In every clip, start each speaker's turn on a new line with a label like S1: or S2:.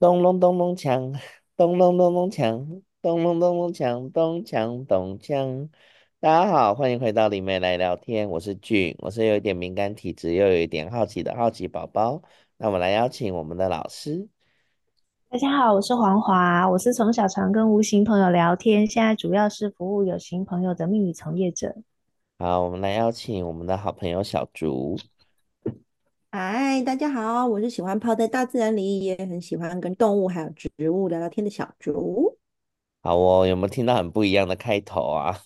S1: 咚隆咚咚鏘，咚隆咚咚鏘，咚隆咚咚鏘，咚鏘咚鏘。大家好，歡迎回到靈媒來聊天，我是 Gin，我是有一點敏感體質又有一點好奇的好奇寶寶。那我們來邀請我們的老師。
S2: 大家好，我是煌華，我是從小常跟無形朋友聊天，現在主要是服務有形朋友的秘密從業者。
S1: 好，我們來邀請我們的好朋友曉築。
S3: 嗨，Hi，大家好，我是喜歡泡在大自然裡，也很喜歡跟動物還有植物聊聊天的曉築。
S1: 好哦，有沒有聽到很不一樣的開頭啊？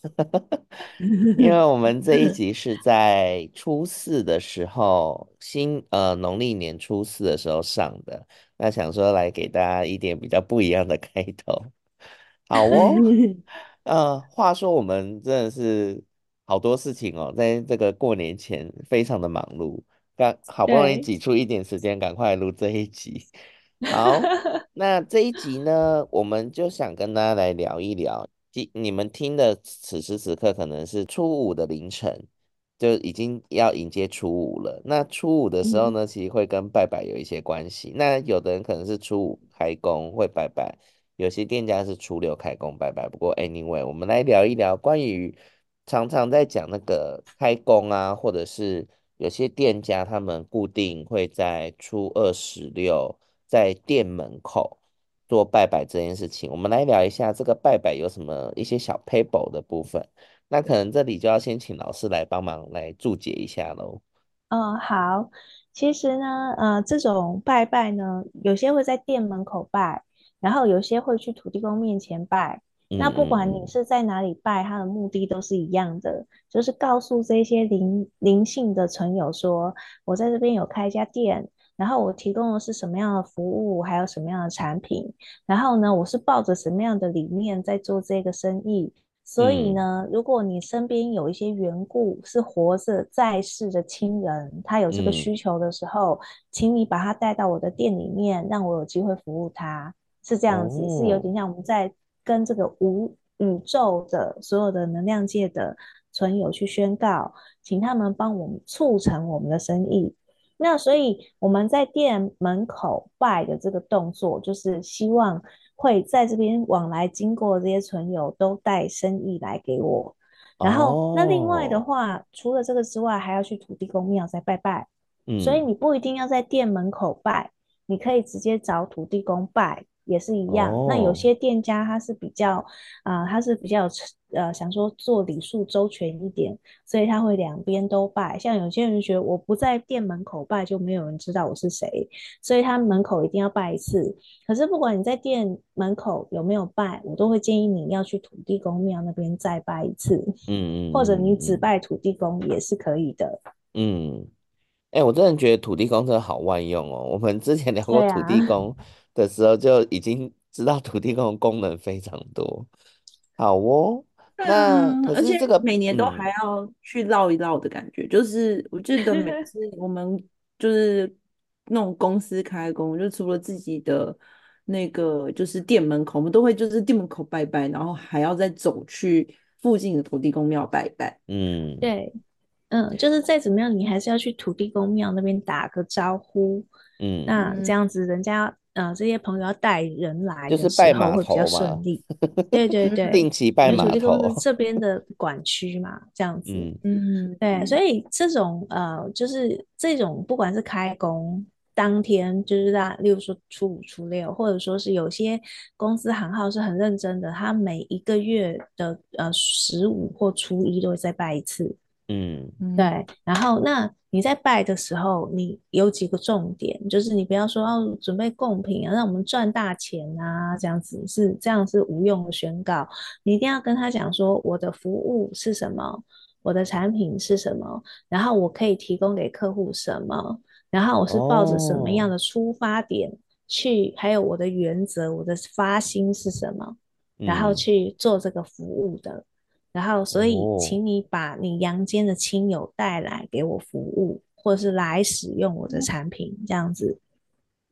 S1: 因為我們這一集是在初四的時候， 新呃農曆年初四的時候上的，那想說來給大家一點比較不一樣的開頭。好哦， 呃，話說我們真的是好多事情哦，在這個過年前非常的忙碌。趕好不容易擠出一點時間，對趕快錄這一集。好， 那這一集呢，我們就想跟大家來聊一聊。你們聽的此時此刻，可能是初五的凌晨，就已經要迎接初五了。那初五的時候呢，其實會跟拜拜有一些關係。嗯、那有的人可能是初五開工會拜拜，有些店家是初六開工拜拜。不過，anyway，我們來聊一聊關於常常在講那個開工啊，或者是。有些店家他們固定會在初二十六在店門口做拜拜這件事情，我們來聊一下這個拜拜有什麼一些小撇步的部分。那可能這裡就要先請老師來幫忙來注解一下嘍。嗯，
S2: 好，其實呢，呃，這種拜拜呢，有些會在店門口拜，然後有些會去土地公面前拜。那不管你是在哪裡拜，他的目的都是一樣的，就是告訴這些靈靈性的存有說，我在這邊有開一家店，然後我提供的是什麼樣的服務，還有什麼樣的產品，然後呢，我是抱着什麼樣的理念在做這個生意。嗯、所以呢，如果你身邊有一些緣故是活着在世的親人，他有這個需求的時候，嗯、請你把他帶到我的店裡面，讓我有機會服務他，是這樣子，哦、是有點像我們在。跟這個無宇宙的所有的能量界的存有去宣告，請他們幫我們促成我們的生意。那所以我們在店門口拜的這個動作，就是希望會在這邊往來經過的這些存有都帶生意來給我。然後、oh. 那另外的話，除了這個之外，還要去土地公廟再拜拜。Mm. 所以你不一定要在店門口拜，你可以直接找土地公拜。也是一樣，哦、那有些店家他是比較啊、呃，他是比較呃，想說做禮數周全一點，所以他會兩邊都拜。像有些人覺得我不在店門口拜，就沒有人知道我是誰，所以他門口一定要拜一次。可是不管你在店門口有沒有拜，我都會建議你要去土地公廟那邊再拜一次。
S1: 嗯，
S4: 或者
S2: 你只拜土地公也是可以的。
S1: 嗯，哎、欸，我真的覺得土地公真的好萬用哦。我們之前聊過土地公。的時候就已經知道土地公的功能非常多，好哦。那是、這個、而且這個每年都還
S3: 要去繞一繞的感覺，嗯、就是我記得每次我們就是那種公司開工， 就除了自己的那個就是店門口，我們都會就是店門口拜拜，然後還要再走去附近的土地公廟拜拜。嗯，
S2: 對，嗯，就是再怎麼樣，你還是要去土地公廟那邊打個招呼。嗯，
S4: 那這樣
S2: 子人家。呃，這些朋友要帶人來，就是拜會，比較順
S4: 利。 對對對， 定期拜碼頭。就是就是、這
S2: 邊的管區嘛，這樣子，嗯，嗯，對，所以這種呃，就是這種不管是開工當天，就是在、啊，例如說初五、初六，或者說是有些公司行號是很認真的，他每一個月的呃十五或初一都會再拜一次，嗯，對，然後那。嗯你在拜的時候，你有幾個重點，就是你不要說要、哦、準備貢品啊，讓我們賺大錢啊，這樣子是這樣是無用的宣告。你一定要跟他講說，我的服務是什麼，我的產品是什麼，然後我可以提供給客戶什麼，然後我是抱着什麼樣的出發點去，Oh. 還有我的原則，我的發心是什麼，然後去做這個服務的。然後，所以，請你把你陽間的親友帶來給我服務，哦、或者是來使用我的產品，嗯、這樣子。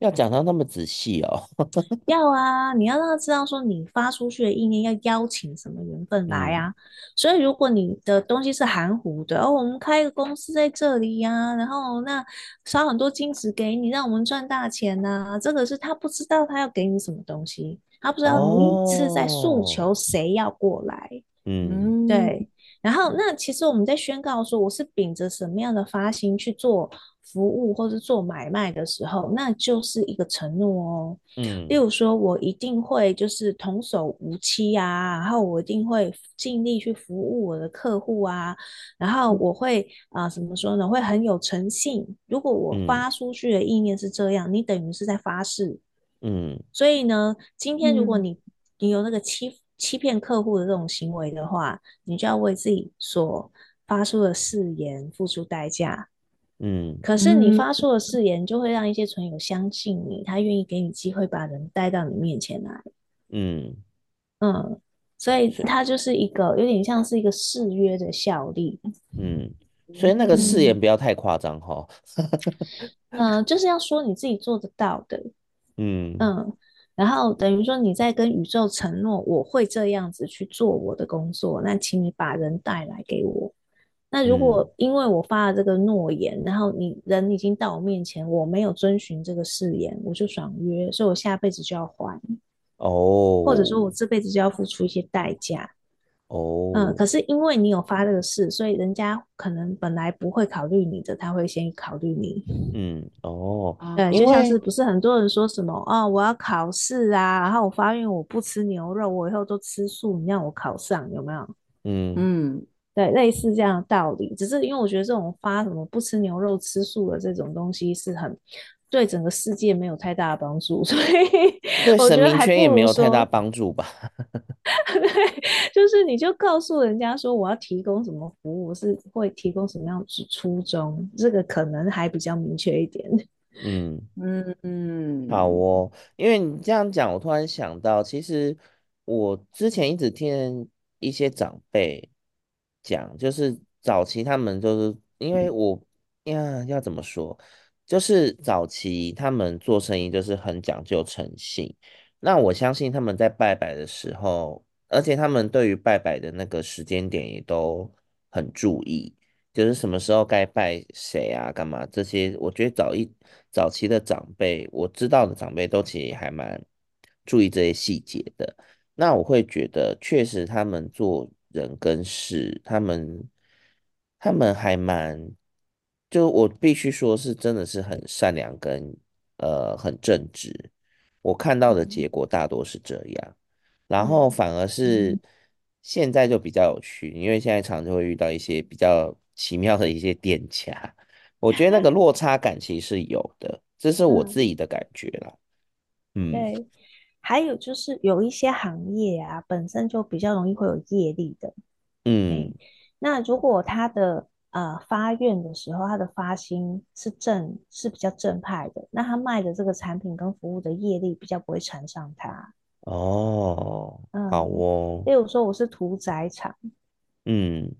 S1: 要講到那麼仔細哦？
S2: 要啊，你要讓他知道說你發出去的意念要邀請什麼緣分來啊。嗯、所以，如果你的東西是含糊的，哦，我們開一個公司在這裡呀、啊，然後那燒很多金紙給你，讓我們賺大錢吶、啊。這個是他不知道他要給你什麼東西，他不知道你是在訴求誰要過來。哦。嗯，對。然後，那其實我們在宣告說我是秉着什麼樣的發心去做服務或者做買賣的時候，那就是一個承諾哦。嗯，例如說我一定會就是童叟無欺啊，然後我一定會盡力去服務我的客戶啊，然後我會啊、呃、怎麼說呢？會很有誠信。如果我發出去的意念是這樣，嗯、你等於是在發誓。嗯，所以呢，今天如果你、嗯、你有那個欺負。欺騙客戶的這種行為的話，你就要為自己所發出的誓言付出代價。
S4: 嗯，可是你發
S2: 出的誓言，嗯，就會讓一些存友相信你，他願意給你機會把人帶到你面前來。嗯嗯，所以他就是一個有點像是一個誓約的效力。嗯，
S1: 所以那個誓言不要太誇張哈，
S2: 哦。 嗯，就是要說你自己做得到的。嗯嗯。嗯然後等於說，你在跟宇宙承諾，我會這樣子去做我的工作。那請你把人帶來給我。那如果因為我發了這個諾言，嗯、然後你人已經到我面前，我沒有遵循這個誓言，我就爽約，所以我下輩子就要還。
S1: 哦，
S4: 或者說
S2: 我這輩子就要付出一些代價。哦、嗯，可是因為你有發這個事，所以人家可能本來不會考慮你的，他會先考慮你。嗯，
S4: 哦，
S2: 對，啊、就像是不是很多人說什麼啊因為、哦，我要考試啊，然後我發願我不吃牛肉，我以後都吃素，你讓我考上有沒有？嗯嗯，對，類似這樣的道理，只是因為我覺得這種發什麼不吃牛肉吃素的這種東西是很。對整個世界沒有太大的幫助，所以對 我覺得還神明圈也沒有太大
S1: 幫助吧。
S2: 對，就是你就告訴人家說，我要提供什麼服務，是會提供什麼樣子初衷，這個可能還比較明確一點。嗯嗯嗯，嗯
S1: 好哦。因為你這樣講，我突然想到，其實我之前一直聽一些長輩講，就是早期他們就是因為我、嗯、呀要怎麼說？就是早期他們做生意就是很講究誠信，那我相信他們在拜拜的時候，而且他們對於拜拜的那個時間點也都很注意，就是什麼時候該拜誰啊，幹嘛這些，我覺得早一早期的長輩，我知道的長輩都其實還蠻注意這些細節的。那我會覺得，確實他們做人跟事，他們他們還蠻。就我必須說，是真的是很善良跟呃很正直，我看到的結果大多是這樣，嗯、然後反而是現在就比較有趣，嗯、因為現在常常就會遇到一些比較奇妙的一些店家。我覺得那個落差感其實是有的，嗯、這是我自己的感覺啦。嗯，
S2: 對，還有就是有一些行業啊，本身就比較容易會有業力的，嗯，okay, 那如果他的。呃，發願的時候，他的發心是正，是比較正派的。那他賣的這個產品跟服務的業力比較不會纏上他。
S4: 哦，嗯、
S2: 好哦。例如說，我是屠宰場。嗯，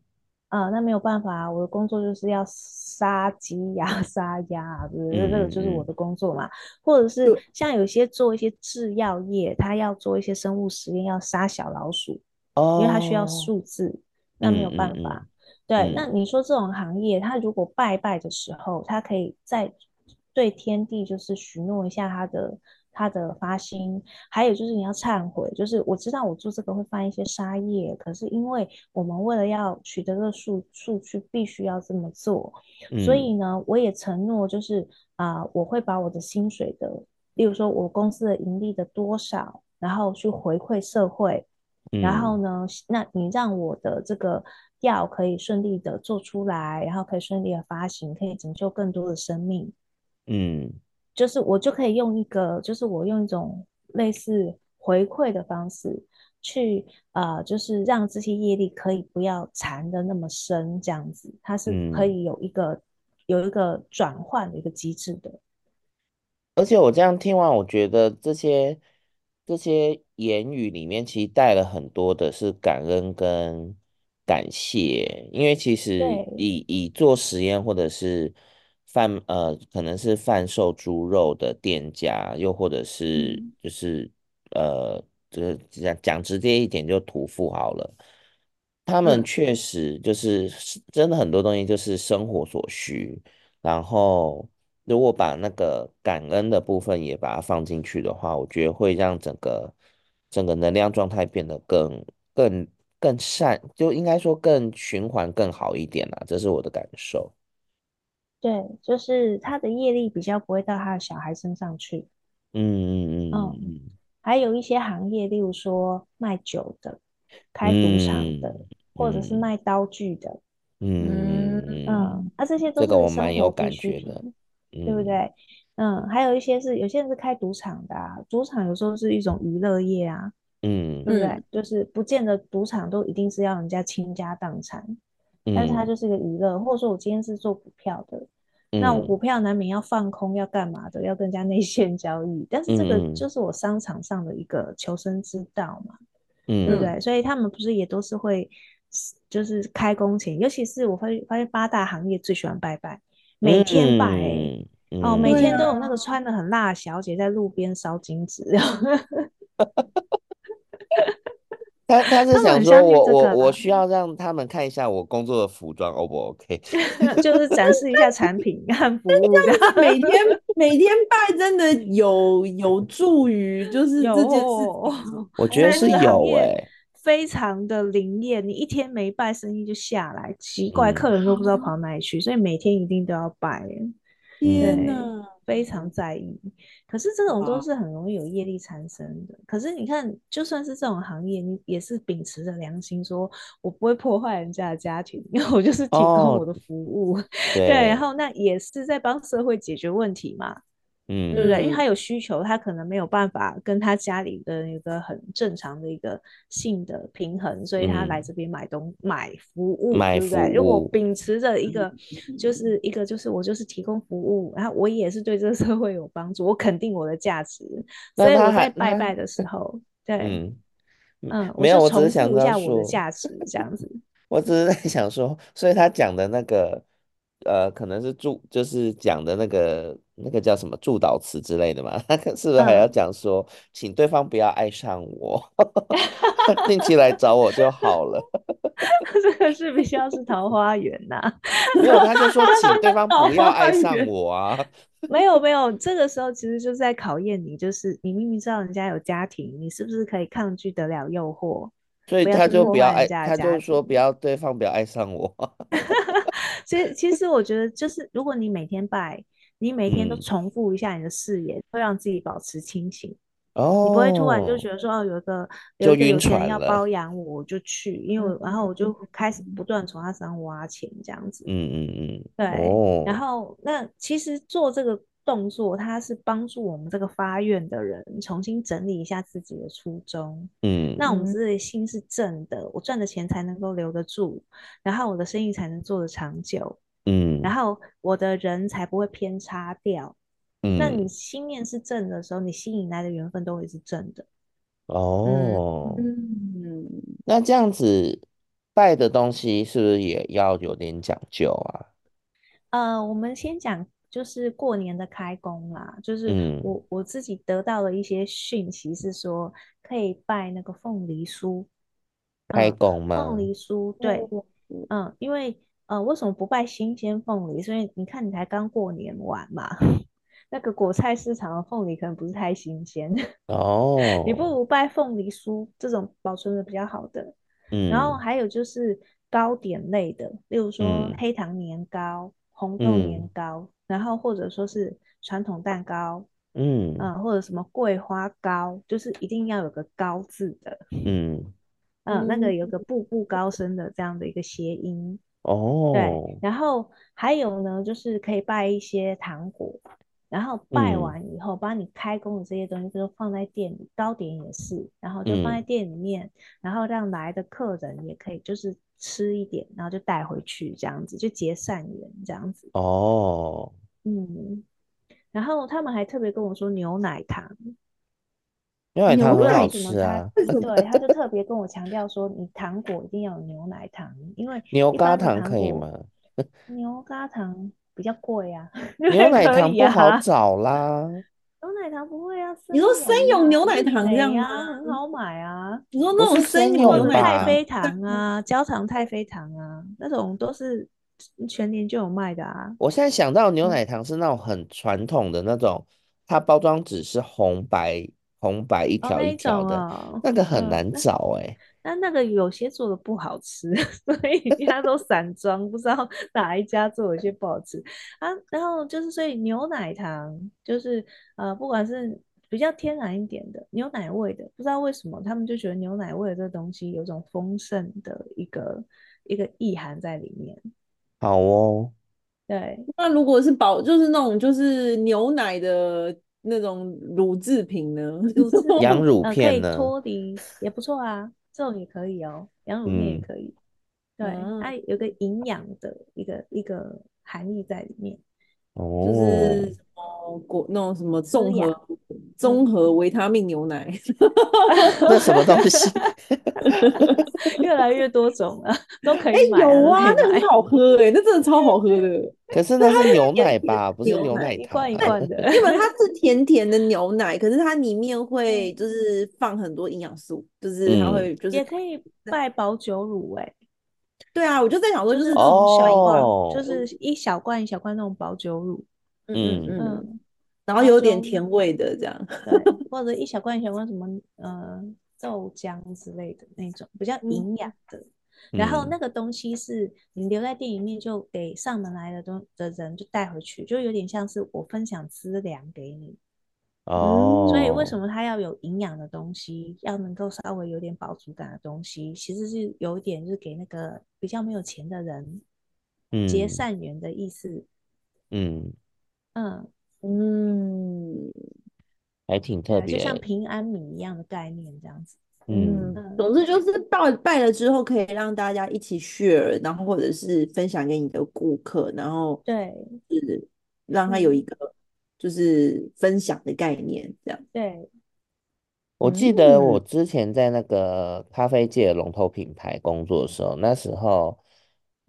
S2: 啊、呃，那沒有辦法，我的工作就是要殺雞啊、殺鴨啊，對不對？嗯、這個就是我的工作嘛。或者是像有些做一些製藥業，他要做一些生物實驗，要殺小老鼠，哦、因為他需要數字，那沒有辦法。嗯嗯嗯對，嗯、那你說這種行業，他如果拜拜的時候，他可以再對天地就是許諾一下他的他的發心，還有就是你要懺悔，就是我知道我做這個會犯一些殺業，可是因為我們為了要取得個數數據，必須要這麼做，嗯、所以呢，我也承諾就是啊、呃，我會把我的薪水的，例如說我公司的盈利的多少，然後去回饋社會。然後呢，那你讓我的這個藥可以順利的做出來，然後可以順利的發行，可以拯救更多的生命。
S4: 嗯，
S2: 就是我就可以用一個，就是我用一種類似回饋的方式去，呃，就是讓這些業力可以不要纏得那麼深，這樣子它是可以有一個、嗯、有一個轉換的一個機制的。
S1: 而且我這樣聽完，我覺得這些。這些言語裡面其實帶了很多的是感恩跟感謝，因為其實以對以做實驗或者是販呃可能是販售豬肉的店家，又或者是就是、嗯、呃這個講講直接一點就屠夫好了，他們確實就是、嗯、真的很多東西就是生活所需，然後。如果把那個感恩的部分也把它放進去的話，我覺得會讓整個整個能量狀態變得更更更善，就應該說更循環更好一點啦，這是我的感受。
S2: 對，就是他的業力比較不會到他的小孩身上去。嗯嗯嗯嗯。還有一些行業，例如說賣酒的、開賭場的，嗯、或者是賣刀具的。嗯嗯嗯啊，這些都是這個我蠻有感覺的。嗯、對不對？嗯，還有一些是有些人是開賭場的，啊。賭場有時候是一種娛樂業啊，嗯，
S4: 對不對？
S2: 嗯、就是不見得賭場都一定是要人家傾家蕩產，嗯、但是它就是一個娛樂，或者說我今天是做股票的，嗯、那我股票難免要放空，要幹嘛的？要跟人家內線交易，但是這個就是我商場上的一個求生之道嘛，嗯，
S4: 對不對？
S2: 所以他們不是也都是會，就是開工前，尤其是我發現發現八大行業最喜歡拜拜。每天
S4: 拜、欸嗯、哦，嗯、每天都
S2: 有那個穿得很辣的小姐在路邊燒金紙。他她是想說我我我
S1: 需要讓他們看一下我工作的服裝，O 不 OK？
S3: 就是展示一下產品，看服務。 每天每天拜真的有有助於，就是這有、哦、我覺得是
S4: 有哎、欸。
S2: 非常的靈驗，你一天沒拜生意就下來，奇怪，客人都不知道跑哪裡去，嗯、所以每天一定都要拜。天哪，非常在意。可是這種都是很容易有業力產生的。哦、可是你看，就算是這種行業，你也是秉持着良心說，說我不會破壞人家的家庭，因為我就是提供我的服務，哦、 對，然後那也是在幫社會解決問題嘛。嗯，對不對？因為他有需求，他可能沒有辦法跟他家裡的一個很正常的一個性的平衡，所以他來這邊買東、嗯、買服務，對不對？如果秉持着一個，就是一個就是我就是提供服務，然後我也是對這個社會有幫助，我肯定我的價值，他所以我在拜拜的時候，還對，嗯嗯，嗯
S1: 沒有，我只是想說我的價
S2: 值這樣子，
S1: 我只是在想說，所以他講的那個，呃，可能是注就是講的那個。那個叫什麼祝禱詞之類的嘛？ 是不是還要講說，請對方不要愛上我、啊，定期來找我就好了。
S2: 這個是比較是桃花源吶，沒有，他就說請對方不要愛上我啊。沒有沒有，這個時候其實就是在考驗你，就是你明明知道人家有家庭，你是不是可以抗拒得了誘惑？所以他就不要愛， 他就說
S1: 不要對方不要愛上我。
S2: 其 實 其實我覺得就是，如果你每天拜。你每天都重複一下你的誓言，嗯、會讓自己保持清醒。哦，你不會突然就覺得說，哦，有一個有有錢人要包養我，我就去，因為、嗯、然後我就開始不斷從他身上挖錢，這樣子。
S4: 嗯嗯嗯，對。哦、然後
S2: 那其實做這個動作，它是幫助我們這個發願的人重新整理一下自己的初衷。
S4: 嗯，那我
S2: 們自己的心是正的，嗯、我賺的錢才能夠留得住，然後我的生意才能做得長久。嗯，然後我的人才不會偏差掉。嗯，那你心念是正的時候，你吸引來的緣分都會是正的。
S1: 哦，
S4: 嗯，嗯，
S1: 那這樣子拜的東西是不是也要有點講究啊？
S2: 呃，我們先講就是過年的開工啦，就是我，嗯，我自己得到了一些訊息，是說可以拜那個鳳梨酥。開
S1: 工嘛，嗯，鳳梨
S2: 酥，對，嗯，因為。呃、嗯，為什麼不拜新鮮鳳梨？所以你看，你才剛過年完嘛， 那個果菜市場的鳳梨可能不是太新鮮
S4: 哦。Oh. 你不
S2: 如拜鳳梨酥這種保存的比較好的。嗯。然後還有就是糕點類的，嗯、例如說黑糖年糕、嗯、紅豆年糕，嗯、然後或者說是傳統蛋糕，嗯嗯，或者什麼桂花糕，就是一定要有個“高”字的，
S4: 嗯
S2: 嗯，嗯嗯那個有個“步步高升”的這樣的一個諧音。
S4: 哦，oh, 對，
S2: 然後還有呢，就是可以拜一些糖果，然後拜完以後，把、嗯、你開工的這些東西都放在店裡，糕點也是，然後就放在店裡面，嗯、然後讓來的客人也可以就是吃一點，然後就帶回去這樣子，就結善緣這樣子。
S4: 哦，oh.
S2: 嗯，然後他們還特別跟我說牛奶糖。
S4: 牛奶糖很好吃啊，對，他就
S2: 特別跟我強調說，你糖果一定要有牛奶糖，因為牛軋糖可以嗎？牛軋糖比較貴啊，牛奶糖不好
S1: 找啦。
S2: 牛奶糖不會啊，你說生有牛奶糖這樣啊，很好買啊。你說那種生有太妃糖啊，焦糖太妃糖啊，那種都是全年就有賣的啊。
S1: 我現在想到牛奶糖是那種很傳統的那種，它包裝紙是紅白。紅白一條一條的，
S2: 哦那，啊、那個很難
S1: 找哎、
S2: 欸嗯。那但那個有些做的不好吃，所以他都散裝， 不知道哪一家做，有些不好吃啊。然後就是，所以牛奶糖就是呃，不管是比較天然一點的牛奶味的，不知道為什麼他們就覺得牛奶味的這個東西有種豐盛的一個一個意涵在裡面。
S1: 好哦。
S3: 對。那如果是保，就是那種就是牛奶的。那種乳製品呢？乳製品、 羊乳片呢？可以脫離、呃，也不錯
S2: 啊，這種也可以哦、喔，羊乳片也可以。嗯、對，啊、它有個營養的
S3: 一個一個含義在裡面。
S4: 哦，
S3: 就是果那種什麼綜合綜合維他命牛奶，
S4: 那什麼東西？
S3: 越來越多種了、啊，都可以買、欸。有啊，那很好喝哎、欸，那真的超好喝的。
S1: 可是那是牛奶吧， 不是牛奶
S3: 一罐一罐的，因為它是甜甜的牛奶， 可是它裡面會就是放很多營養素，就是它會就是、嗯、也可以拜保久乳味、欸。對啊，我就在想說，就
S2: 是這種小一罐，哦、就是一小罐一小罐那種保久乳，嗯嗯，嗯，然後有點甜
S3: 味的這樣，對，
S2: 或者一小罐一小罐什麼呃豆漿之類的那種比較營養的，嗯、然後那個東西是你留在店裡面，就給上門來的東的人就帶回去，就有點像是我分享資糧給你。哦，oh. 所以為什麼他要有營養的東西，要能夠稍微有點飽足感的東西，其實是有一點是給那個比較沒有錢的人結善緣的意思。嗯嗯嗯，嗯嗯還挺特別，就像平安米一樣的概念這樣子。嗯，嗯
S3: 總之就是拜拜了之後可以讓大家一起 share，然後或者是分享給你的顧客，然後對，是讓他有一個。嗯就是分享的概念，這樣。對，
S1: 嗯，我記得我之前在那個咖啡界龍頭品牌工作的時候，那時候。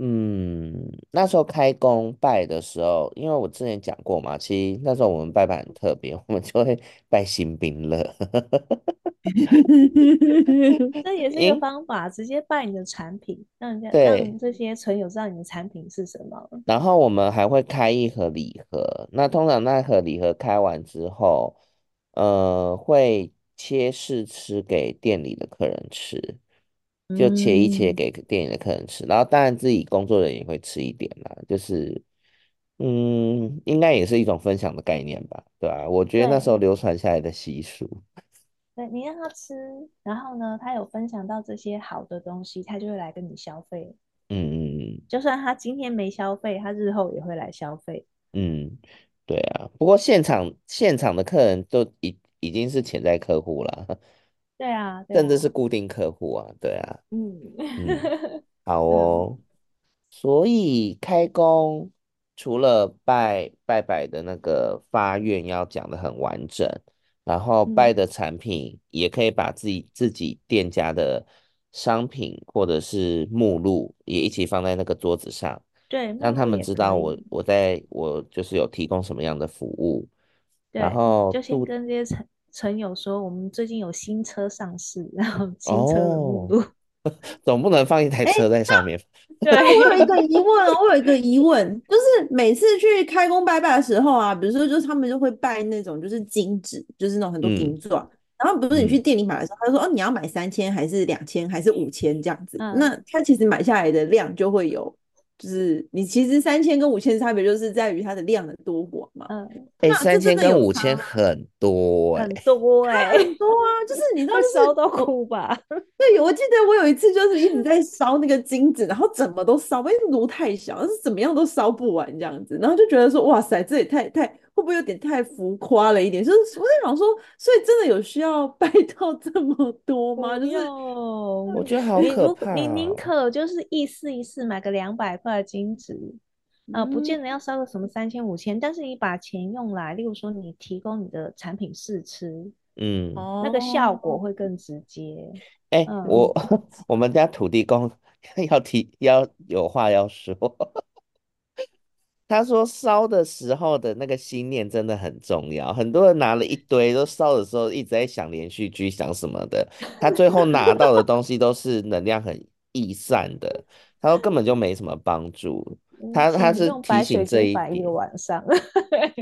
S1: 嗯，那時候開工拜的時候，因為我之前講過嘛，其實那時候我們拜拜很特別，我們就會拜新兵了。
S2: 這也是一個方法，嗯、直接拜你的產品，讓人家對讓你這些存有知道你的產品是什麼。
S1: 然後我們還會開一盒禮盒，那通常那盒禮盒開完之後，呃，會切試吃給店裡的客人吃。
S3: 就切一切
S1: 給店裡的客人吃，嗯、然後當然自己工作人員也會吃一點啦。就是，嗯，應該也是一種分享的概念吧，對吧、啊？我覺得那時候流傳下來的習俗，
S2: 對，對你讓他吃，然後呢，他有分享到這些好的東西，他就會來跟你消費。嗯
S1: 嗯
S2: 嗯，就算他今天沒消費，他日後也會來消費。嗯，
S1: 對啊，不過現場現場的客人都已已經是潛在客戶了。
S2: 對啊，對啊，甚至
S1: 是固定客戶啊，對啊， 嗯，好哦，所以開工除了拜拜拜的那個發願要講的很完整，然後拜的產品也可以把自己、嗯、自己店家的商品或者是目錄也一起放在那個桌子上，
S2: 對，讓他們
S1: 知道我我在我就是有提供什麼樣的服務，對然後就是跟
S2: 這些。產。陳友說：“我們最近有新車上市，然後新
S1: 車、哦、總不能放一台車在上面。欸”
S3: 對，我有一個疑問， 我有一個疑問，就是每次去開工拜拜的時候啊，比如說，就是他們就會拜那種就是金紙，就是那種很多金磚。嗯、然後比如說你去店裡買的時候，他說：“哦，你要買三千還是兩千還是五千這樣子？”嗯、那他其實買下來的量就會有。就是你其實三千跟五千差別就是在於它的量的多寡嘛。嗯，哎、欸，三千跟五
S1: 千很多，欸，很多哎、
S3: 欸，很多啊！就是你知道，燒 到哭吧？對，我記得我有一次就是一直在燒那個金子，然後怎麼都燒，因為爐太小，但是怎麼樣都燒不完這樣子，然後就覺得說哇塞，這也太太。會不會有點太浮誇了一點？就是我在想說，所以真的有需要拜到這麼多嗎？就是我、嗯、我覺得好可怕。你寧
S2: 可就是意思意思買個兩百塊金紙啊，嗯呃，不見得要燒個什麼三千五千。但是你把錢用來，例如說你提供你的產品試吃，
S1: 嗯，那個效
S2: 果會更直接。哎、哦欸嗯，我
S1: 我們家土地公要提要有話要說。他說：“燒的時候的那個心念真的很重要。很多人拿了一堆，都燒的時候一直在想連續劇，想什麼的。他最後拿到的東西都是能量很易散的。他說根本就沒什麼幫助。”
S2: 他他是提醒這一一個晚上。哎、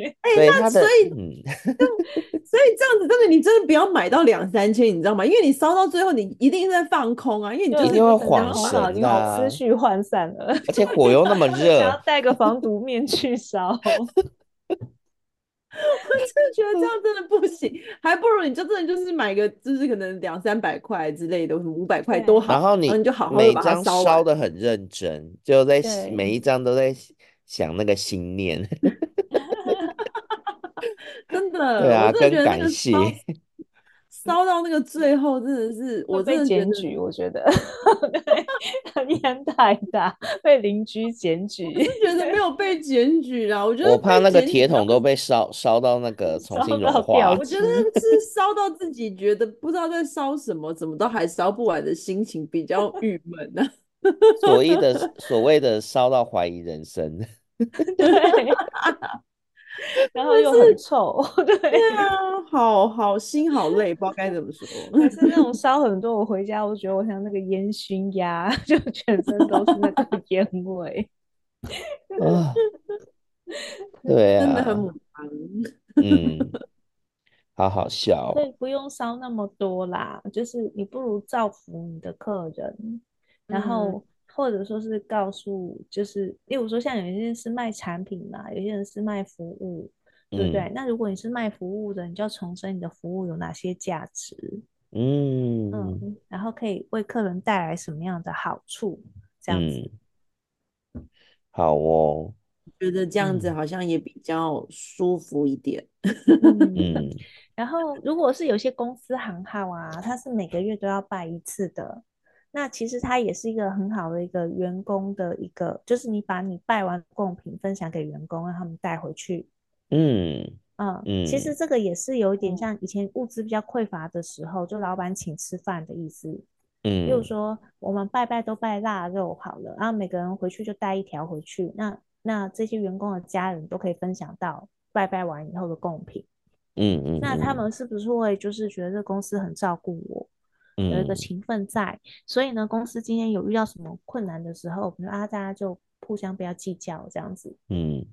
S2: 欸，他所以、嗯，
S3: 所以這樣子真的，你真的不要買到兩三千，你知道嗎？因為你燒到最後，你一定是在放空啊，因為你一定會恍神，你要思緒渙散了。而且火
S1: 又那麼熱，
S2: 要
S3: 帶個防毒面具去燒。 我真的覺得這樣真的不行， 還不如你就真的就是買個，就是可能兩三百塊之類的，五百塊都好。對然後你你就好好把它燒燒
S1: 的很認真，對就在每一張都在想那個心念，對
S3: 真的，對啊，真更感謝。 燒到那個最後，真的是我被檢舉，我覺得，煙太 對 大、大，被鄰居檢舉， 覺得沒有被檢舉啦。對我覺得我怕那個鐵桶
S1: 都被燒，燒到那個重新融化。我覺得是
S3: 燒到自己覺得不知道在燒什麼， 怎麼都還燒不完的心情比較鬱悶呢。
S1: 所謂的所謂的燒到懷疑人生。
S3: 對然後又很臭，是對啊，好好心好累，不知道該怎麼說。但是那種燒很多，我回家
S2: 我覺得我像那個煙燻鴨，就全身都是那個煙味。哇，對啊，真的很忙。
S1: 嗯，好好笑。對，
S2: 不用燒那麼多啦，就是你不如造福你的客人，
S4: 嗯、哼然後。
S2: 或者說是告訴，就是例如說，像有些人是賣產品嘛，有些人是賣服務，對不對？嗯、那如果你是賣服務的，你就要重申你的服務有哪些價值，
S4: 嗯
S2: 嗯，然後可以
S3: 為客人帶來什麼樣的好處，
S2: 這樣子。
S1: 嗯、好
S3: 哦，覺得這樣子好像也比較舒服一點。嗯
S2: 嗯、然後如果是有些公司行號啊，它是每個月都要拜一次的。那其實它也是一個很好的一個員工的一個，就是你把你拜完貢品分享給員工，讓他們帶回去。
S4: 嗯、
S2: 呃、嗯，其實這個也是有一點像以前物資比較匱乏的時候，就老闆請吃飯的意思。
S4: 嗯，比如說
S2: 我們拜拜都拜臘肉好了，然後每個人回去就帶一條回去，那那這些員工的家人都可以分享到拜拜完以後的貢品。嗯
S4: 嗯，那他們
S2: 是不是會就是覺得這公司很照顧我？有一個情分在，嗯、所以呢，公司今天有遇到什麼困難的時候，比如說啊，大家就互相不要計較這樣子。嗯，
S1: 對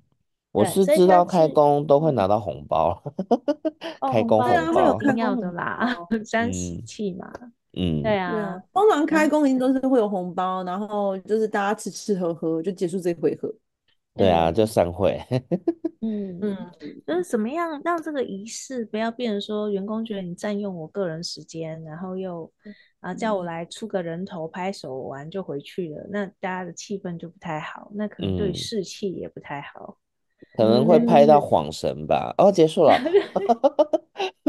S1: 我是知道開工都會拿到紅包，呵
S3: 呵開工紅包、啊、會有包要的啦，沾喜氣嘛。嗯，
S1: 對
S2: 啊，
S3: 通常開工一定都是會有紅包，嗯、然後就是大家吃吃喝喝就結束這一回合。
S1: 對啊，就散會。
S3: 嗯 嗯，就、
S2: 嗯、是怎麼樣讓這個儀式不要變成說員工覺得你占用我個人時間，然後又啊叫我來出個人頭拍手完就回去了，那大家的氣氛就不太好，那可能對士氣也不太好。嗯、可能會拍到
S1: 恍神吧。嗯、哦，結束了。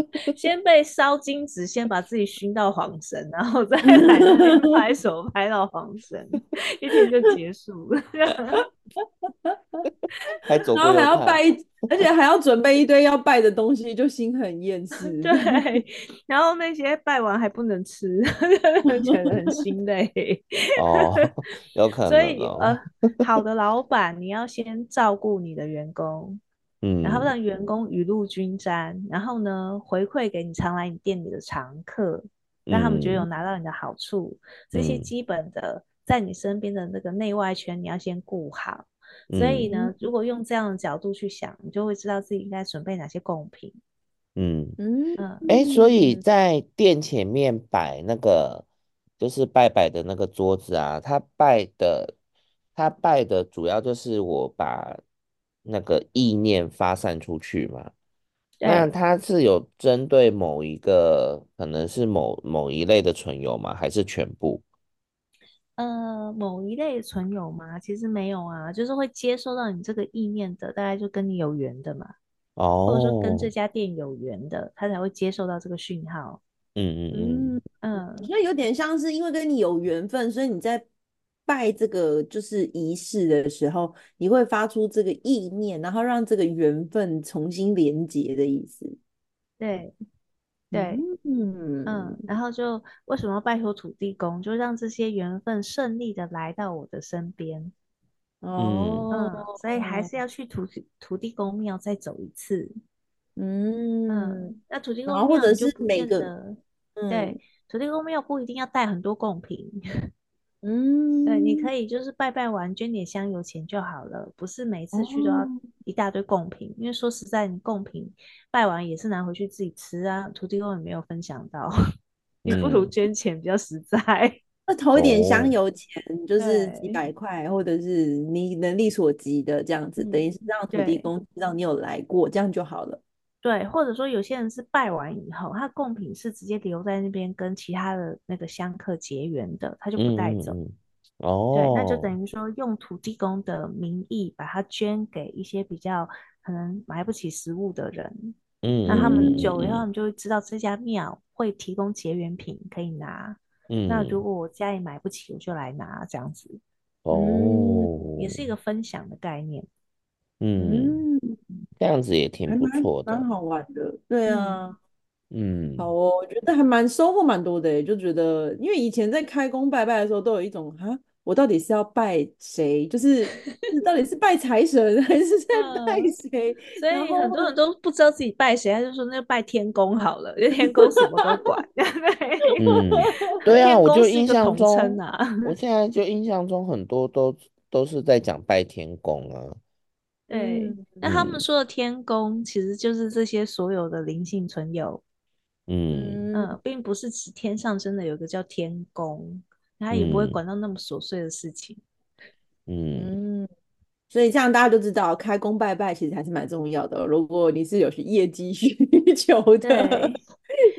S2: 先被燒金紙，先把自己熏到恍神，然後再來
S3: 拍手拍到恍神， 一天就
S2: 結束了。
S1: 哈哈哈然後還要拜，
S3: 而且還要準備一堆要拜的東西，就心很厭世。對，然後那些拜完還不能吃，
S2: 覺得很心累。 Oh, 哦，有可能，所以，呃，好的老闆， 你要先照顧你的員工，嗯，然後讓員工雨露均沾，然後呢，回饋給你常來你店裡的常客，讓他們覺得有拿到你的好處，嗯、這些基本的。在你身邊的那個內外圈，你要先顧好。嗯、所以呢，如果用這樣的角度去想，你就會知道自己應該準備哪些供品。嗯嗯嗯。哎、嗯欸，所以
S1: 在店前面擺那個就是拜拜的那個桌子啊，他拜的他拜的主要就是我把那個意念發散出去嘛。
S3: 對那他
S1: 是有針對某一個，可能是某某一類的存有嗎？還是全部？
S2: 呃，某一類存有嗎？其實沒有啊，就是會接收到你這個意念的，大概就跟你有緣的嘛
S1: ，oh. 或
S4: 者說跟這家
S2: 店有
S3: 緣的，他才會接收到這個訊號。嗯嗯嗯嗯，那有點像是因為跟你有緣分，所以你在拜這個就是儀式的時候，你會發出這個意念，然後讓這個緣分重新連結的意思。
S2: 對。
S3: 對，嗯嗯，
S2: 然後就為什麼要拜托土地公，就讓這些緣分順利的來到我的身邊。哦，所以還是要去土土地公廟再走一次，嗯嗯，那、嗯、土地公廟或者是每個，嗯、對，土地公廟不一定要帶很多供品。嗯，對，你可以就是拜拜完捐點香油錢就好了，不是每次去都要一大堆貢品，哦、因為說實在，貢品拜完也是拿回去自己吃啊，土地公也沒有分享到，嗯、你不如捐錢比較實在，
S3: 嗯、 那投一點香油錢、哦、就是幾百塊對或者是你能力所及的這樣子，等於是讓土地公知道你有來過，嗯、這樣就好了。
S2: 對，或者說有些人是拜完以後，他貢品是直接留在那邊跟其他的那個香客結緣的，他就不帶走。嗯、
S4: 對哦，對，那就等
S2: 於說用土地公的名義把它捐給一些比較可能買不起食物的人。
S4: 嗯，那他們久以後，
S2: 你就會知道這家廟會提供結緣品可以拿。嗯，那如果我家也買不起，我就來拿這樣子。
S4: 哦、嗯，也是
S2: 一個分享
S3: 的概念。嗯。
S1: 嗯這樣子也挺不錯的，
S3: 蠻好玩的，對啊，嗯，好哦，我覺得還蠻收穫蠻多的誒，就覺得，因為以前在開工拜拜的時候，都有一種啊，我到底是要拜誰？就是到底是拜財神還是在拜誰？嗯、然後、所以很多人都不知道自己拜誰，他就說
S2: 那就拜天公好了，因為天公什麼都管。 對、嗯，對啊，我就印象中、啊、我現在就印象
S1: 中很多都都是在講拜天公啊。對，那、嗯、他們
S2: 說的天公、嗯、其實就是這些所有的靈性存有，嗯嗯，並不是指天上真的有個叫天公，
S3: 他、嗯、也不會管到那麼瑣碎的事情，嗯，
S4: 嗯
S3: 所以這樣大家都知道，開工拜拜其實還是蠻重要的。如果你是有業績需求的，對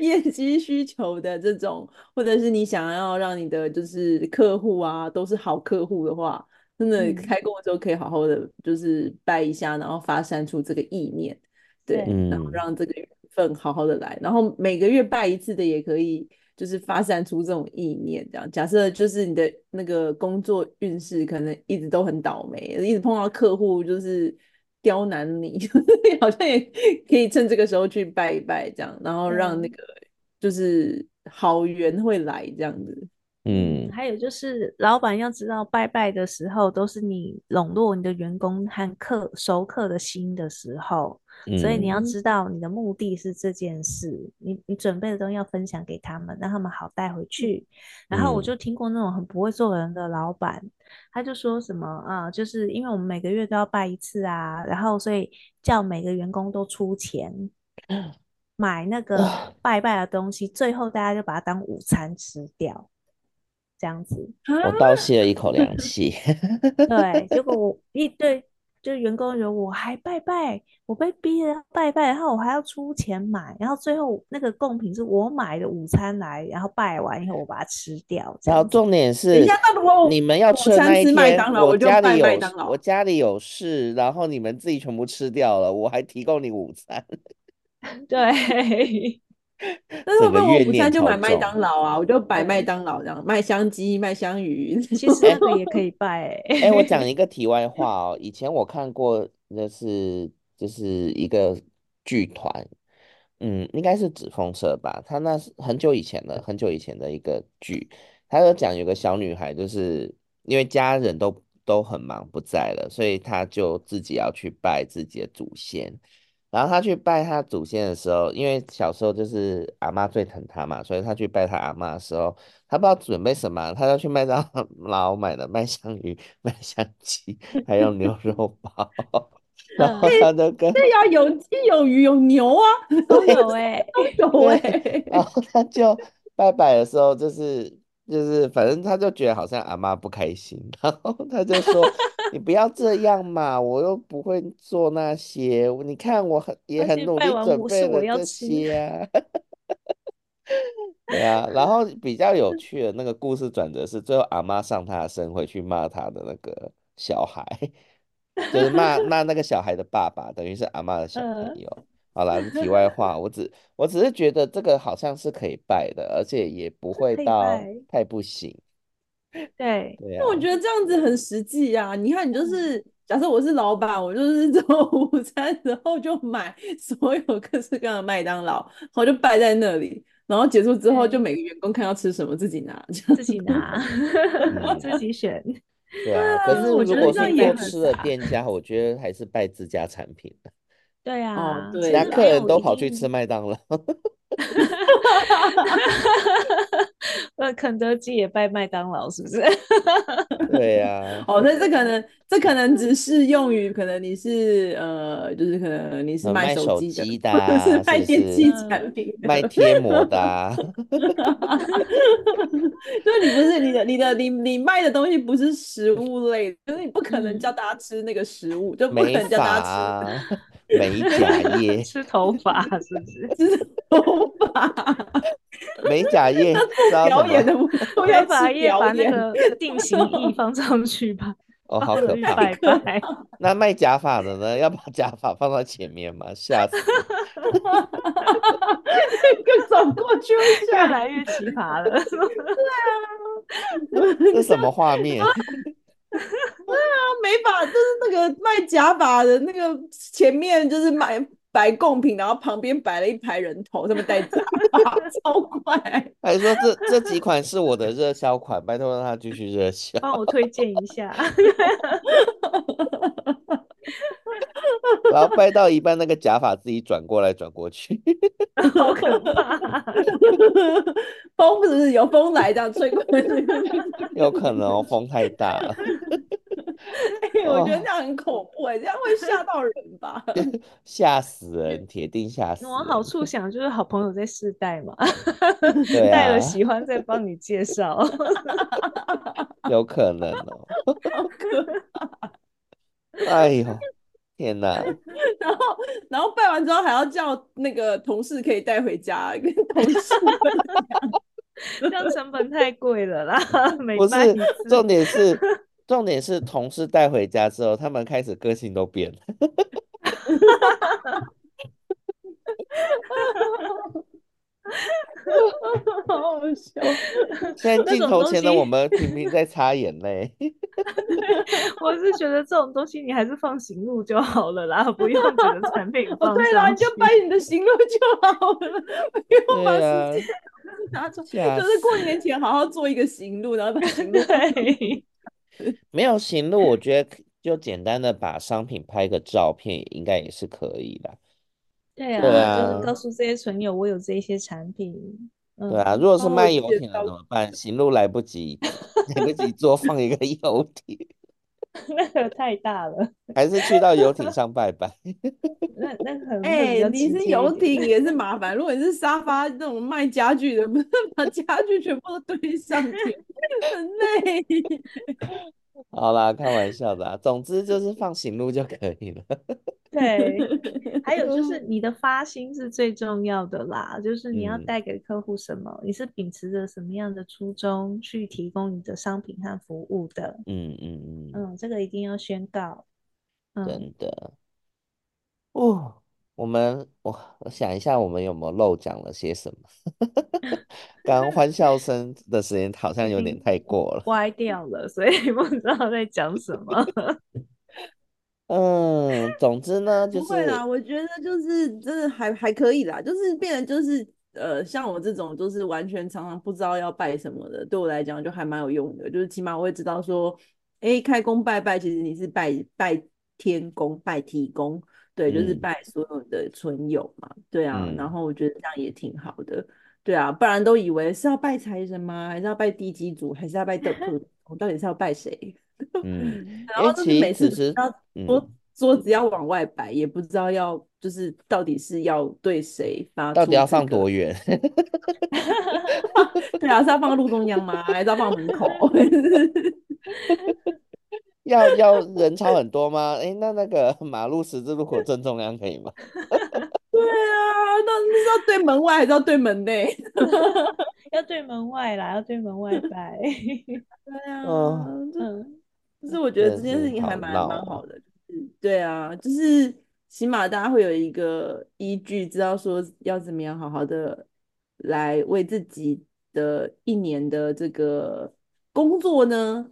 S3: 業績需求的這種，或者是你想要讓你的就是客戶啊，都是好客戶的話。真的開工的時候可以好好的，就是拜一下，嗯、然後發散出這個意念，
S2: 對，嗯、然後
S3: 讓這個緣分好好的來。然後每個月拜一次的也可以，就是發散出這種意念，這樣。假設就是你的那個工作運勢可能一直都很倒霉，一直碰到客戶就是刁難你， 好像也可以趁這個時候去拜一拜，這樣，然後讓那個就是好緣會來這樣子。嗯
S2: 嗯，還有就是，老闆要知道拜拜的時候都是你籠絡你的員工和客、熟客的心的時候，嗯、所以你要知道你的目的是這件事，嗯、你你準備的東西要分享給他們，讓他們好帶回去。嗯、然後我就聽過那種很不會做人的老闆，他就說什麼啊，就是因為我們每個月都要拜一次啊，然後所以叫每個員工都出錢買那個拜拜的東西，最後大家就把它當午餐吃掉。這樣子，我倒
S1: 吸了一口涼氣。
S2: 對，結果我一對，就是員工說我還拜拜，我被逼着要拜拜，然後我還要出錢買，然後最後那個供品，是我買的午餐來，然後拜完以後我把它吃掉。
S1: 然後重點是，你們要吃的那一天，你們要吃麥當勞，我就拜麥當勞， 我家裡有，
S2: 我家裡有
S1: 事，然後你們自己全部吃掉了，我還提供你午餐。
S3: 對。但是要不然我不在，就買麥當勞啊！我就擺麥當勞，然後麥香雞、麥香魚，其實那個也可以拜、欸。哎、 欸，我講一個題外話哦，以
S1: 前我看過，那是就是一個劇團，嗯，應該是紙風車吧。他那是很久以前了，很久以前的一個劇，他有講有個小女孩，就是因為家人都都很忙不在了，所以她就自己要去拜自己的祖先。然後他去拜他祖先的時候，因為小時候就是阿媽最疼他嘛，所以他去拜他阿媽的時候，他不知道準備什麼，他要去麥當勞買的麥香魚、麥香雞，還有牛肉包。
S3: 然後他就跟對，要有雞有魚有牛啊、哦，都有哎、欸，對都有哎、欸。
S1: 對然後他就拜拜的時候就是。就是，反正他就覺得好像阿媽不開心，然後他就說：“你不要這樣嘛，我又不會做那些，你看我很也很努力準備了這些啊。”對啊，然後比較有趣的那個故事轉折是，最後阿媽上她的身回去罵她的那個小孩，
S4: 就是罵罵
S1: 那個小孩的爸爸，等於是阿媽的小朋友。好了，題外話， 我只我只是覺得這個好像是可以拜的，而且也不會到太不行。
S3: 對，那、啊、我覺得這樣子很實際呀、啊。你看，你就是、嗯、假設我是老闆，我就是中午餐時候就買所有各式各樣的麥當勞，然後就拜在那裡，然後結束之後就每個員工看要吃什麼自己拿，對就自己拿， 自己選。
S1: 對啊，可是如果是多吃的店家，我覺，我覺得還是拜自家產品的。
S2: 對呀，其他客人
S1: 都跑去吃麥當勞。
S2: 那肯德基也
S3: 拜麥當勞是不是？對呀，哦，那這可能這可能只適用於可能你是呃，就是可能你是賣手機的，或者是賣電器產品，賣貼膜的。所以你不是你的你的你你賣的東西不是食物類，就是你不可能叫大家吃那個食物，就不可能叫大家吃。
S2: 美甲液，沒
S3: 吃頭髮是不是？ 吃
S1: 頭髮，美甲液， 知道表演的，
S2: 我要把，把那個定型液放上去吧。
S1: 哦，好可怕！拜拜。那賣假髮的呢？要把假髮放到前面嗎？下次，一
S3: 個走過去，越來越奇葩了。
S1: 對 這什麼畫面？
S3: 對 啊，美髮就是那個賣假髮的，那個前面就是買擺貢品，然後旁邊擺了一排人頭，他們戴假髮超快，
S1: 還說這這幾款是我的熱銷款，拜託讓他繼續熱銷，
S3: 幫我推薦一下。 然後拜
S1: 到一半，那個假髮自己轉過來轉過去。
S3: 好可怕、啊！ 風不是由風來這樣吹過， 有可
S1: 能、哦、風太大
S3: 了、 欸。我覺得這樣很恐怖，哦、這樣會嚇到人吧？
S1: 嚇死人，鐵定嚇死
S3: 人。往好處
S2: 想，就是好朋友在試戴嘛，
S1: 戴、 啊、了喜
S2: 歡再幫你介紹。
S1: 有可能哦。 好
S3: 可怕 哎呦！天哪！ 然後，然後拜完之後，還要叫那個同事可以帶回家，跟同事這樣 成本太貴了啦，沒。不是， 重點是，
S1: 重點是同事帶回家之後，他們開始個性都變了。
S2: 好，好笑！現在鏡頭前的我
S1: 們頻頻在擦眼淚 。
S2: 我是覺得這種東西你還是
S3: 放型錄就好了啦，不用整個產品。哦， 對啦，你就拍你的型錄就好了，不用把時間、啊、拿出去，就是過年前好好做一個型錄，然後行 對。
S1: 沒有型錄，我覺得就簡單的把商品拍個照片，應該也是可以的。
S2: 對啊，對啊，就是告訴這些唇友，我有這些產品。對啊，嗯、如果是賣遊艇的怎麼
S1: 辦？嗯、行路來不及， 來不及做，放一個遊艇，
S2: 那個太大了，
S1: 還是去到遊艇上拜拜。
S2: 那
S3: 那個、很。哎、欸，其實遊艇也是麻煩，如果你是沙發那種賣家具的，不是把家具全部都堆上去。 很累。
S1: 好啦，開玩笑啦、啊。總之就是放行路就可以了。
S2: 對，還有就是你的發心是最重要的啦，就是你要帶給客戶什麼，嗯、你是秉持着什麼樣的初衷去提供你的商品和服務的。嗯嗯嗯嗯，這個一定要宣告。
S1: 真的，
S2: 哦、嗯。
S1: 我們我我想一下，我們有沒有漏講了些什麼？剛 歡笑聲的時間好像有點太過了、嗯，
S3: 歪掉了，所以不知道在講什麼。
S1: 嗯，總之呢，就是、不會啦。
S3: 我覺得就是真的還還可以啦，就是變成就是呃，像我這種就是完全常常不知道要拜什麼的，對我來講就還蠻有用的。就是起碼我會知道說，哎、欸，開工拜拜，其實你是拜拜天公拜地公。對，就是拜所有的存有嘛，嗯、對啊，然後我覺得這樣也挺好的，嗯、對啊，不然都以為是要拜財神嗎？還是要拜地基主？還是要拜斗克？我到底是要拜誰？嗯、 然後其實每次只要桌、嗯、桌子要往外擺，也不知道要就是到底是要對誰發？到底要放
S1: 多遠？
S3: 對啊，是要放路中央嗎？還是要放門口？
S1: 要要人潮很多嗎？哎、欸，那那個馬路十字路口正中央可以嗎？
S3: 對啊，那你是要對門外還是要對門內？ 要對門外啦，要對門外拜。 對啊，哦、嗯，
S4: 就
S3: 是我覺得這件事情還蠻蠻好的，就是，對啊，就是起碼大家會有一個依據，知道說要怎麼樣好好的來為自己的一年的這個工作呢，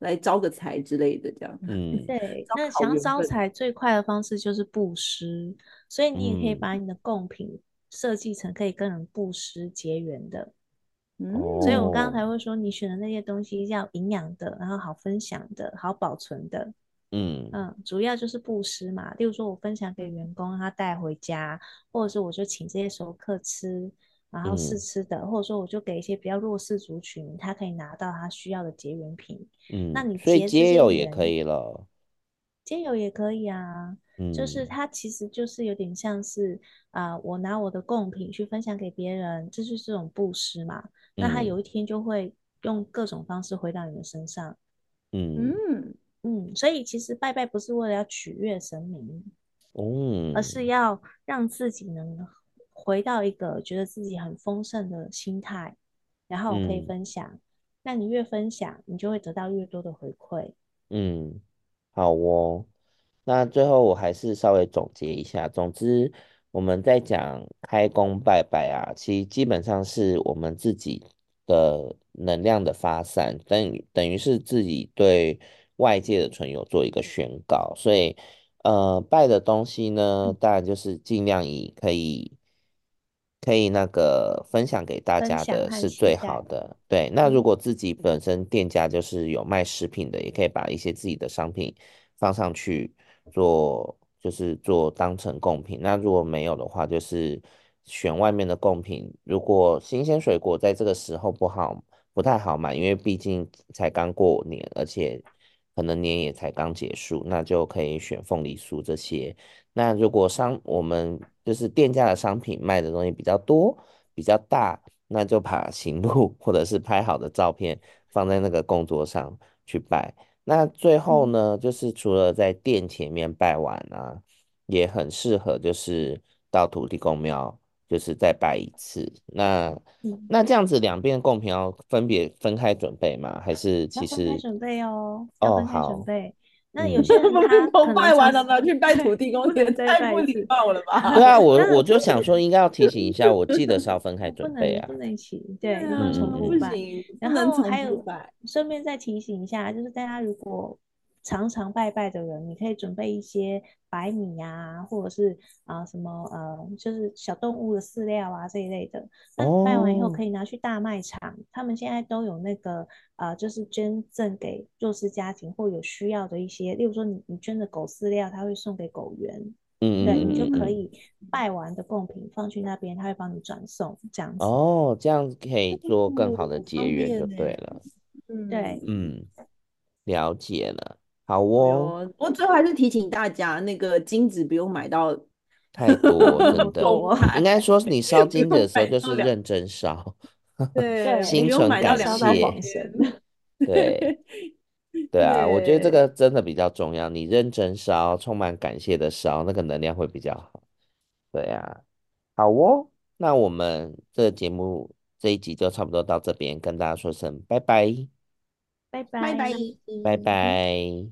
S3: 來招個財之類的，這樣。嗯，對。那想招財
S2: 最快的方式就是布施，所以你也可以把你的貢品設計成可以跟人布施結緣的。嗯，嗯。所以，我剛才會說，你選的那些東西要營養的，然後好分享的，好保存的。嗯嗯，主要就是布施嘛。例如說，我分享給員工，他帶回家，或者是我就請這些熟客吃。然後試吃的，嗯、或者說我就給一些比較弱勢族群，他可以拿到他需要的結緣品。嗯，
S1: 那你接所以街友也可以了。
S2: 街友也可以啊，嗯、就是他其實就是有點像是啊、呃，我拿我的貢品去分享給別人，這就是這種布施嘛。嗯、那他有一天就會用各種方式回到你們身上。嗯嗯嗯，所以其實拜拜不是為了要取悅神明，
S4: 哦、嗯，而是
S2: 要讓自己能。回到一個覺得自己很豐盛的心態，然後可以分享。嗯、那你越分享，你就會得到越多的回饋。
S1: 嗯，好哦。那最後我還是稍微總結一下。總之，我們在講開工拜拜啊，其實基本上是我們自己的能量的發散，等等於是自己對外界的存有做一個宣告。所以，呃，拜的東西呢，嗯、當然就是盡量以可以。可以那個分享給大家的是最好的，對。那如果自己本身店家就是有賣食品的，嗯、也可以把一些自己的商品放上去做，就是做當成供品。那如果沒有的話，就是選外面的供品。如果新鮮水果在這個時候不好，不太好買，因為畢竟才剛過年，而且可能年也才剛結束，那就可以選鳳梨酥這些。那如果商我們就是店家的商品賣的東西比較多，比較大，那就把型錄或者是拍好的照片放在那個供桌上去拜。那最後呢，嗯、就是除了在店前面拜完啊，也很適合就是到土地公廟，就是再拜一次。那、嗯、那這樣子兩邊的貢品要分別分開準備嗎？還是其實要分開
S3: 準備哦。要分開準備哦，好。 那有些人他可能拜完了呢，去拜土地公，也太不禮貌了吧？對啊，我
S1: 我就想說，應該要提醒一下，我記得是要分開準備、啊 不，不能
S3: 一起。對，
S2: 不能重疊。然後還有吧，順便再提醒一下，就是大家如果。常常拜拜的人，你可以準備一些白米啊，或者是啊、呃、什麼呃，就是小動物的飼料啊這一類的。
S3: 那拜完以後可以
S2: 拿去大賣場，哦、他們現在都有那個呃，就是捐贈給弱勢家庭或有需要的一些，例如說你你捐的狗飼料，他會送給狗園。嗯，嗯，嗯，對你就可以拜完的貢品，放去那邊，他會幫你轉送這樣子。
S1: 哦，這樣子可以做更好的結緣。就對了。嗯、對，嗯，了解了。好哦，
S3: 哦，我最後還是提醒大家，那個金子不用買到
S1: 太多，真的。應該說，你燒金子的時候就是認真燒，對， 心存感謝到到對。對，對啊，對我覺得這個真的比較重要。你認真燒，充滿感謝的燒，那個能量會比較好。對啊，好哦，那我們這個節目這一集就差不多到這邊，跟大家說聲拜拜。
S2: 拜拜，拜
S1: 拜。